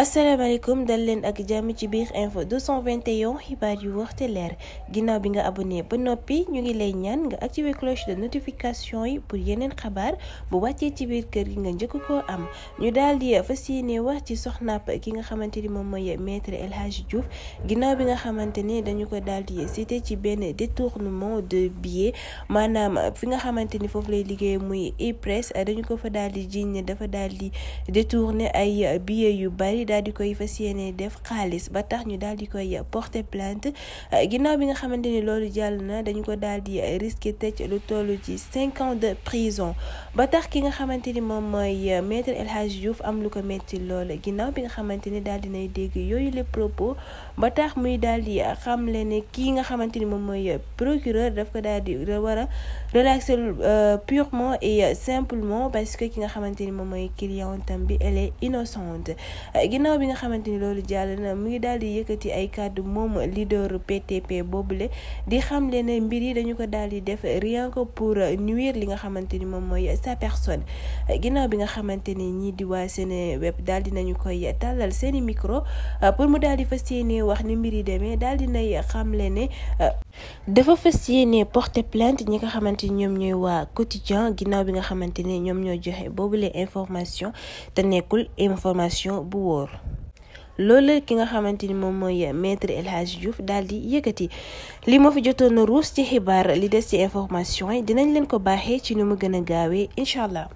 asalaamaaleykum dal leen ak jàmm ci biir info 221 xibaar yu wër te leer ginnaaw bi nga abonné ba noppi ñu ngi lay ñaan nga activer cloche de notification yi pour yeneen xabaar bu wàccee ci biir kër gi nga njëkk ko am ñu daal di fas yéene wax ci soxnaap ki nga xamante ni moom mooy maître El Hadji Diouf ginnaaw bi nga xamante ni dañu ko daal di cité ci benn détournement de billet maanaam fi nga xamante ni foofu lay liggéey muy IPRES dañu ko fa daal di jiiñ dafa daal di détourné ay billet yu bari. daal di koy fas yéene def xaalis ba tax ñu daal di koy porter plainte ginnaaw bi nga xamante ni loolu jàll na dañu ko daal di risqué tëj lu toll ci cinq ans de prison ba tax ki nga xamante ni moom mooy euh, maître El Hadj am lu ko metti lool ginnaaw bi nga xamante ni daal dinay dégg yooyu les propos ba tax muy daal di xamle ne kii nga xamante ni moom mooy euh, procureur daf ko daal di war a relaxer euh, purement et simplement parce que ki nga xamante ni moom mooy clientam bi elle innocente ginnaaw bi nga xamante ni loolu jàll na mu ngi daal di yëkkati ay kàddu moom leader PTP boobule di xamle ne mbir yi dañu ko daal di def rien que pour nuire li nga xamante ni moom mooy sa personne ginnaaw bi nga xamante ni ñii di waa Seneweb daal di nañu koy tàllal seeni micro pour mu daal di fas yéene wax ni mbir yi demee daal di nay xamle ne. dafa fas yéene porter plainte ñi nga xamante ni ñoom ñooy waa quotidien ginnaaw bi nga xamante ne ñoom ñoo joxe boobule information te nekkul information bu wóor loolu ki nga xamante ni moom mooy maître El Hadji Diouf daal di yëkkati li ma fi jotoon na ruus ci xibaar li des ci information yi dinañ leen ko baaxee ci nu ma gën a gaawee incha allah.